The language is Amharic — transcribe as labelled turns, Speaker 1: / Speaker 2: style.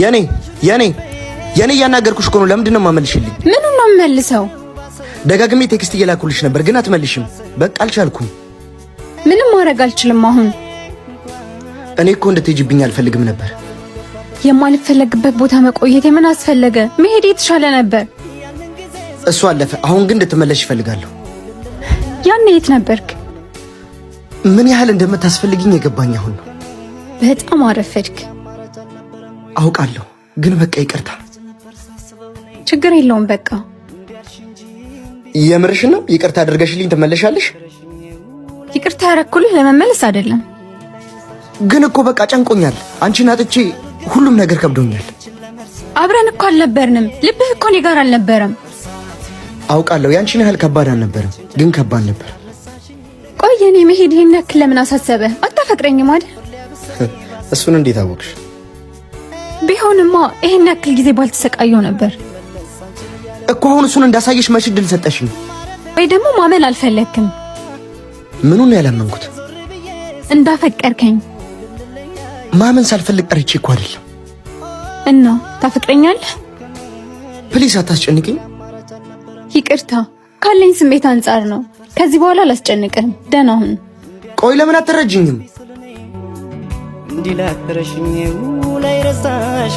Speaker 1: የኔ የኔ የኔ እያናገርኩሽ እኮ ነው። ለምንድን ነው የማመልሽልኝ?
Speaker 2: ምን ነው የምመልሰው?
Speaker 1: ደጋግሜ ቴክስት እየላኩልሽ ነበር ግን አትመልሽም። በቃ አልቻልኩም።
Speaker 2: ምንም ማድረግ አልችልም። አሁን
Speaker 1: እኔ እኮ እንድትሄጂብኝ አልፈልግም ነበር።
Speaker 2: የማልፈለግበት ቦታ መቆየት የምን አስፈለገ? መሄድ የተሻለ ነበር።
Speaker 1: እሱ አለፈ። አሁን ግን እንድትመለሽ ይፈልጋለሁ።
Speaker 2: ያኔ የት ነበርክ?
Speaker 1: ምን ያህል እንደምታስፈልግኝ የገባኝ አሁን ነው።
Speaker 2: በጣም አረፈድክ።
Speaker 1: አውቃለሁ፣ ግን በቃ ይቅርታ።
Speaker 2: ችግር የለውም በቃ
Speaker 1: የምርሽ ነው። ይቅርታ አድርገሽልኝ ትመለሻለሽ።
Speaker 2: ይቅርታ ያረኩልህ ለመመለስ አይደለም።
Speaker 1: ግን እኮ በቃ ጨንቆኛል። አንቺን አጥቼ ሁሉም ነገር ከብዶኛል።
Speaker 2: አብረን እኮ አልነበርንም። ልብህ እኮ እኔ ጋር አልነበረም።
Speaker 1: አውቃለሁ ያንቺን ያህል ከባድ አልነበረም፣ ግን ከባድ ነበር።
Speaker 2: ቆይ እኔ መሄድ ይህን ያክል ለምን አሳሰበ? አታፈቅረኝም አይደል?
Speaker 1: እሱን እንዴት አወቅሽ?
Speaker 2: ቢሆንማ ይሄን ያክል ጊዜ ባልተሰቃየው ነበር
Speaker 1: እኮ። አሁን እሱን እንዳሳየሽ መች እድል ሰጠሽኝ?
Speaker 2: ወይ ደግሞ ማመን አልፈለግክም።
Speaker 1: ምኑን ያላመንኩት?
Speaker 2: እንዳፈቀርከኝ
Speaker 1: ማመን ሳልፈልግ ቀርቼ እኮ አይደለም።
Speaker 2: እና ታፈቅረኛለህ?
Speaker 1: ፕሊስ አታስጨንቅኝ።
Speaker 2: ይቅርታ ካለኝ ስሜት አንጻር ነው። ከዚህ በኋላ አላስጨንቅህም። ደህና ሁን።
Speaker 1: ቆይ ለምን አትረጅኝም? እንዲላክረሽኝው ላይ ረሳሽ